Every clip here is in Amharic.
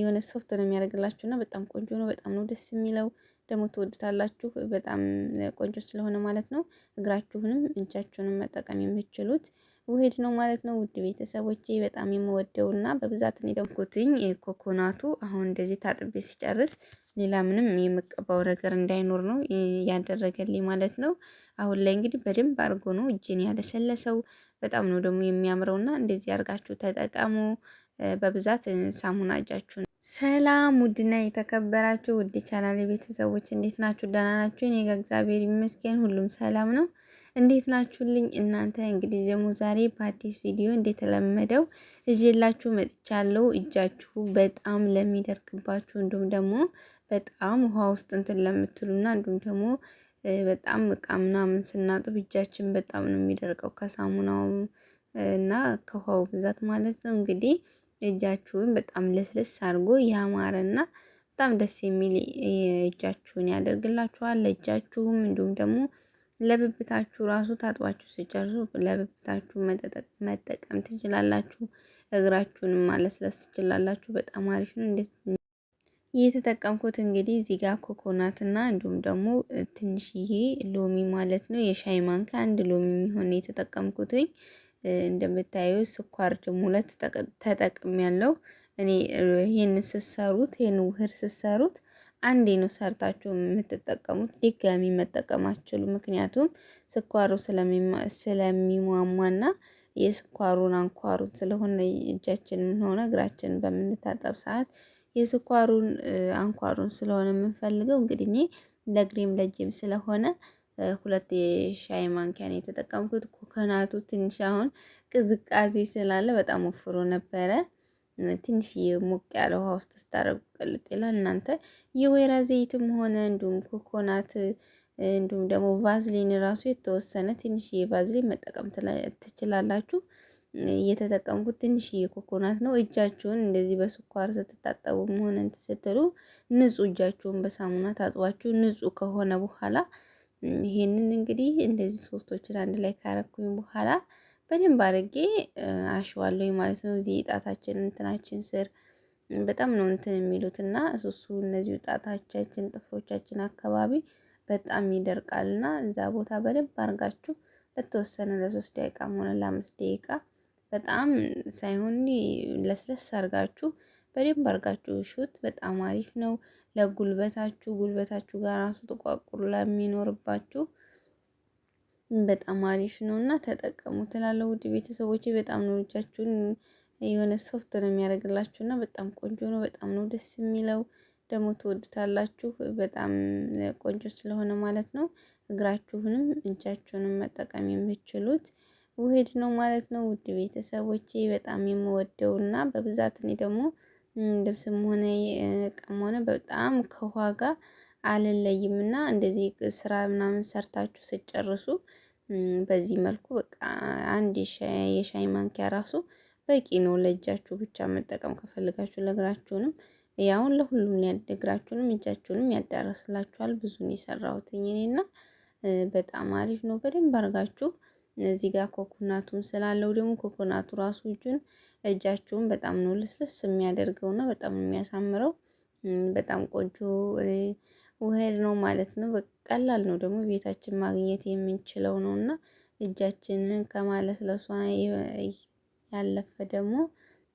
የሆነ ሶፍት ነው የሚያደርግላችሁ እና በጣም ቆንጆ ነው። በጣም ነው ደስ የሚለው ደግሞ ትወዱታላችሁ። በጣም ቆንጆ ስለሆነ ማለት ነው። እግራችሁንም እጃችሁንም መጠቀም የምችሉት ውህድ ነው ማለት ነው። ውድ ቤተሰቦቼ በጣም የምወደው እና በብዛት እኔ ኮኮናቱ አሁን እንደዚህ ታጥቤ ሲጨርስ ሌላ ምንም የምቀባው ነገር እንዳይኖር ነው ያደረገልኝ ማለት ነው። አሁን ላይ እንግዲህ በደንብ አድርጎ ነው እጅን ያለሰለሰው። በጣም ነው ደግሞ የሚያምረውና እንደዚህ አድርጋችሁ ተጠቀሙ። በብዛት ሳሙና እጃችሁ ነው። ሰላም ውድና የተከበራችሁ ውድ ቻናል ቤተሰቦች እንዴት ናችሁ? ደህና ናችሁ? እኔ ከእግዚአብሔር ይመስገን ሁሉም ሰላም ነው። እንዴት ናችሁልኝ እናንተ? እንግዲህ ደግሞ ዛሬ በአዲስ ቪዲዮ እንደተለመደው እዤላችሁ መጥቻለሁ። እጃችሁ በጣም ለሚደርቅባችሁ እንዲሁም ደግሞ በጣም ውሃ ውስጥ እንትን ለምትሉና እንዲሁም ደግሞ በጣም እቃ ምናምን ስናጥብ እጃችን በጣም ነው የሚደርቀው ከሳሙናው እና ከውሃው ብዛት ማለት ነው እንግዲህ እጃችሁን በጣም ልስልስ አድርጎ ያማረና በጣም ደስ የሚል እጃችሁን ያደርግላችኋል። ለእጃችሁም እንዲሁም ደግሞ ለብብታችሁ ራሱ ታጥባችሁ ስጨርሱ ለብብታችሁ መጠቀም ትችላላችሁ። እግራችሁንም ማለስለስ ትችላላችሁ። በጣም አሪፍ ነው። እንዴት የተጠቀምኩት እንግዲህ እዚህ ጋር ኮኮናት እና እንዲሁም ደግሞ ትንሽዬ ሎሚ ማለት ነው የሻይ ማንካ አንድ ሎሚ የሚሆን የተጠቀምኩትኝ። እንደምታዩ ስኳር ድሙለት ተጠቅም ያለው እኔ ይህን ስሰሩት ይህን ውህር ስሰሩት አንዴ ነው ሰርታችሁ የምትጠቀሙት፣ ድጋሚ መጠቀም አትችሉም። ምክንያቱም ስኳሩ ስለሚሟሟና የስኳሩን አንኳሩን ስለሆነ እጃችንን ሆነ እግራችንን በምንታጠብ ሰዓት የስኳሩን አንኳሩን ስለሆነ የምንፈልገው እንግዲህ ለእግሬም ለእጄም ስለሆነ ሁለት የሻይ ማንኪያን የተጠቀምኩት። ኮኮናቱ ትንሽ አሁን ቅዝቃዜ ስላለ በጣም ወፍሮ ነበረ። ትንሽ ሞቅ ያለ ውሃ ውስጥ ስታደርጉ ቅልጥ ይላል። እናንተ የወይራ ዘይትም ሆነ እንዲሁም ኮኮናት እንዲሁም ደግሞ ቫዝሊን ራሱ የተወሰነ ትንሽዬ ቫዝሊን መጠቀም ትችላላችሁ። እየተጠቀምኩት ትንሽዬ ኮኮናት ነው። እጃችሁን እንደዚህ በስኳር ስትታጠቡ መሆን ስትሉ ንጹህ እጃችሁን በሳሙና ታጥባችሁ ንጹህ ከሆነ በኋላ ይሄንን እንግዲህ እንደዚህ ሶስቶችን አንድ ላይ ካረኩኝ በኋላ በደንብ አድርጌ አሸዋለሁ ማለት ነው። እዚህ ጣታችን እንትናችን ስር በጣም ነው እንትን የሚሉት እና እሱሱ እነዚህ ጣታቻችን ጥፍሮቻችን አካባቢ በጣም ይደርቃል እና እዛ ቦታ በደንብ አድርጋችሁ ለተወሰነ ለሶስት ደቂቃ መሆነ ለአምስት ደቂቃ በጣም ሳይሆን ለስለስ አድርጋችሁ በደንብ አድርጋችሁ ሹት። በጣም አሪፍ ነው ለጉልበታችሁ። ጉልበታችሁ ጋር ራሱ ጥቋቁር ለሚኖርባችሁ በጣም አሪፍ ነው እና ተጠቀሙ ትላለሁ። ውድ ቤተሰቦቼ በጣም ነው ልጃችሁን የሆነ ሶፍት ነው የሚያደርግላችሁ እና በጣም ቆንጆ ነው። በጣም ነው ደስ የሚለው ደግሞ ትወዱታላችሁ። በጣም ቆንጆ ስለሆነ ማለት ነው። እግራችሁንም እጃችሁንም መጠቀም የምችሉት ውህድ ነው ማለት ነው። ውድ ቤተሰቦቼ በጣም እና በብዛት እኔ ደግሞ ልብስም ሆነ እቃም ሆነ በጣም ጋር አልለይም እና እንደዚህ ስራ ምናምን ሰርታችሁ ስጨርሱ በዚህ መልኩ በቃ አንድ የሻይ ማንኪያ ራሱ በቂ ነው። ለእጃችሁ ብቻ መጠቀም ከፈልጋችሁ ለእግራችሁንም ያሁን ለሁሉም እግራችሁንም እጃችሁንም ያዳረስላችኋል። ብዙን የሰራሁትኝ እኔና በጣም አሪፍ ነው። በደንብ አርጋችሁ እዚህ ጋር ኮኮናቱም ስላለው ደግሞ ኮኮናቱ ራሱ እጁን እጃችሁን በጣም ነው ልስልስ የሚያደርገው እና በጣም የሚያሳምረው በጣም ቆጆ ውህድ ነው ማለት ነው። ቀላል ነው ደግሞ ቤታችን ማግኘት የምንችለው ነው እና እጃችንን ከማለስለሷ ያለፈ ደግሞ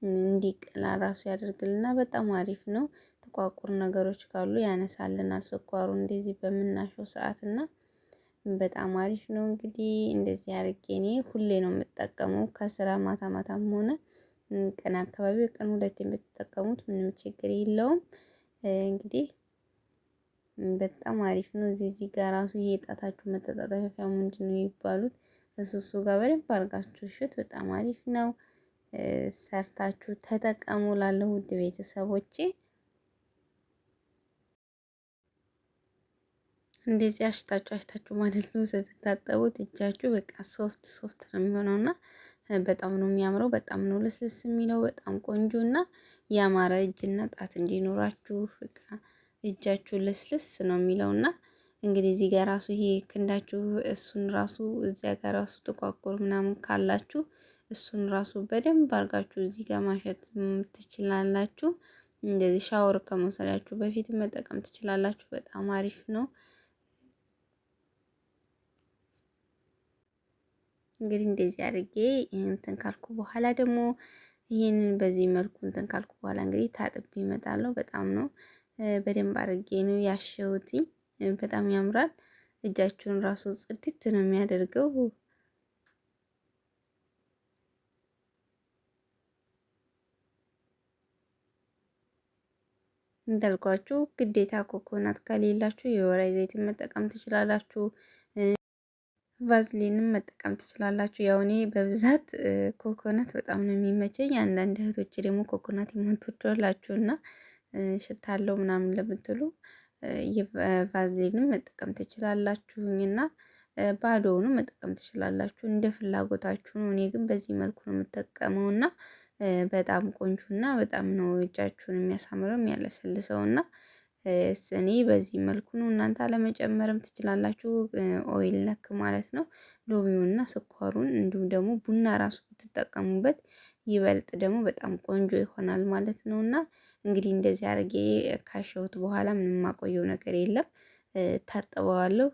እንዲቀላ ራሱ ያደርግልና በጣም አሪፍ ነው። ተቋቁር ነገሮች ካሉ ያነሳልናል ስኳሩ እንደዚህ በምናሸው ሰዓት እና በጣም አሪፍ ነው። እንግዲህ እንደዚህ አድርጌ እኔ ሁሌ ነው የምጠቀመው ከስራ ማታ ማታም ሆነ ቀን አካባቢ ቀን ሁለት የምትጠቀሙት ምንም ችግር የለውም። እንግዲህ በጣም አሪፍ ነው። እዚህ እዚህ ጋር ራሱ ይሄ ጣታችሁ መተጣጠፊያ ምንድን ነው የሚባሉት እሱ እሱ ጋር በደንብ አድርጋችሁ እሽት፣ በጣም አሪፍ ነው። ሰርታችሁ ተጠቀሙ። ላለ ውድ ቤተሰቦቼ እንደዚህ አሽታችሁ አሽታችሁ ማለት ነው ስትታጠቡት እጃችሁ በቃ ሶፍት ሶፍት ነው የሚሆነውና በጣም ነው የሚያምረው። በጣም ነው ልስልስ የሚለው። በጣም ቆንጆ እና ያማረ እጅና ጣት እንዲኖራችሁ ፍቃ እጃችሁ ልስልስ ነው የሚለው እና እንግዲህ እዚህ ጋር ራሱ ይሄ ክንዳችሁ እሱን ራሱ እዚያ ጋር ራሱ ጥቋቁር ምናምን ካላችሁ እሱን ራሱ በደንብ አድርጋችሁ እዚህ ጋር ማሸት ትችላላችሁ። እንደዚህ ሻወር ከመውሰዳችሁ በፊት መጠቀም ትችላላችሁ። በጣም አሪፍ ነው። እንግዲህ እንደዚህ አድርጌ እንትን ካልኩ በኋላ ደግሞ ይህንን በዚህ መልኩ እንትን ካልኩ በኋላ እንግዲህ ታጥብ እመጣለሁ። በጣም ነው በደንብ አድርጌ ነው ያሸሁትኝ። በጣም ያምራል። እጃችሁን ራሱ ጽድት ነው የሚያደርገው። እንዳልኳችሁ ግዴታ ኮኮናት ከሌላችሁ የወይራ ዘይት መጠቀም ትችላላችሁ። ቫዝሊንም መጠቀም ትችላላችሁ። ያው እኔ በብዛት ኮኮናት በጣም ነው የሚመቸኝ። አንዳንድ እህቶች ደግሞ ኮኮናት የምትወዷላችሁ እና ሽታ አለው ምናምን ለምትሉ ቫዝሊንም መጠቀም እና ባዶውኑ መጠቀም ትችላላችሁ እንደ ፍላጎታችሁ ነው። እኔ ግን በዚህ መልኩ ነው የምጠቀመውና በጣም ቆንጆና በጣም ነው እጃችሁን የሚያሳምረው እና ስኒ በዚህ መልኩ ነው። እናንተ አለመጨመርም ትችላላችሁ። ኦይል ነክ ማለት ነው። ሎሚውና ስኳሩን እንዲሁም ደግሞ ቡና ራሱ ብትጠቀሙበት ይበልጥ ደግሞ በጣም ቆንጆ ይሆናል ማለት ነው። እና እንግዲህ እንደዚህ አድርጌ ካሸሁት በኋላ ምንም ማቆየው ነገር የለም። ታጥበዋለሁ።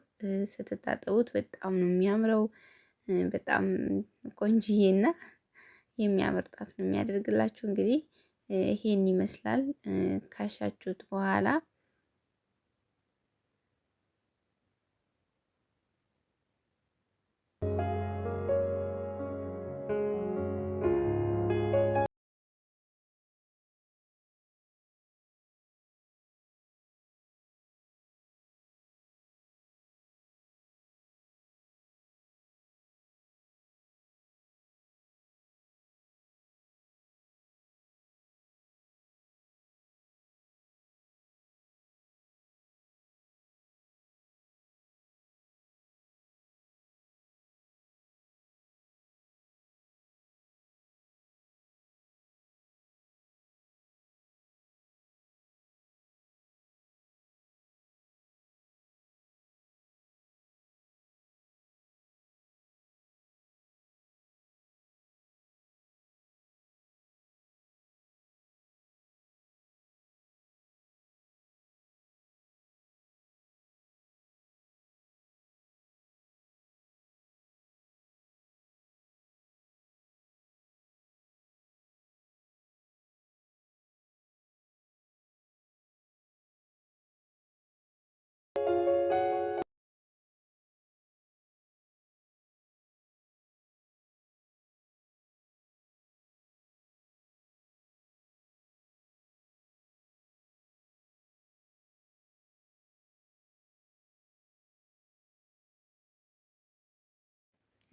ስትታጠቡት በጣም ነው የሚያምረው። በጣም ቆንጅዬና የሚያምር ጣት ነው የሚያደርግላችሁ። እንግዲህ ይሄን ይመስላል ካሻችሁት በኋላ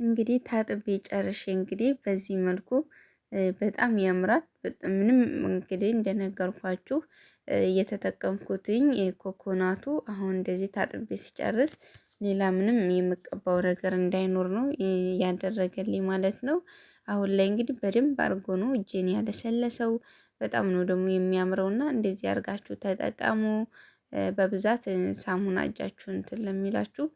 እንግዲህ ታጥቤ ጨርሼ እንግዲህ በዚህ መልኩ በጣም ያምራል። ምንም እንግዲህ እንደነገርኳችሁ እየተጠቀምኩትኝ ኮኮናቱ አሁን እንደዚህ ታጥቤ ሲጨርስ ሌላ ምንም የምቀባው ነገር እንዳይኖር ነው ያደረገልኝ ማለት ነው። አሁን ላይ እንግዲህ በደንብ አድርጎ ነው እጄን ያለሰለሰው። በጣም ነው ደግሞ የሚያምረውና እንደዚህ አድርጋችሁ ተጠቀሙ። በብዛት ሳሙና እጃችሁን እንትን ለሚላችሁ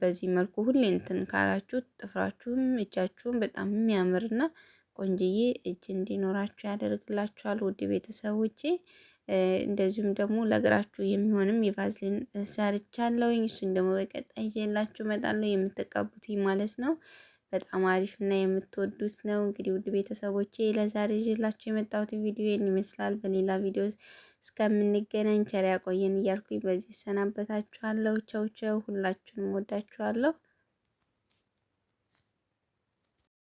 በዚህ መልኩ ሁሌ እንትን ካላችሁ ጥፍራችሁም እጃችሁም በጣም የሚያምርና ቆንጅዬ እጅ እንዲኖራችሁ ያደርግላችኋል። ውድ ቤተሰቦቼ እንደዚሁም ደግሞ ለእግራችሁ የሚሆንም የቫዝሊን ሰርቻለሁኝ። እሱን ደግሞ በቀጣይ ይዤላችሁ እመጣለሁ። የምትቀቡት ማለት ነው። በጣም አሪፍ እና የምትወዱት ነው። እንግዲህ ውድ ቤተሰቦቼ ለዛሬ ይዤላችሁ የመጣሁት ቪዲዮ ይመስላል። በሌላ ቪዲዮ እስከምንገናኝ ቸር ያቆየን እያልኩኝ በዚህ እሰናበታችኋለሁ። ቸው ቸው፣ ሁላችሁንም ወዳችኋለሁ።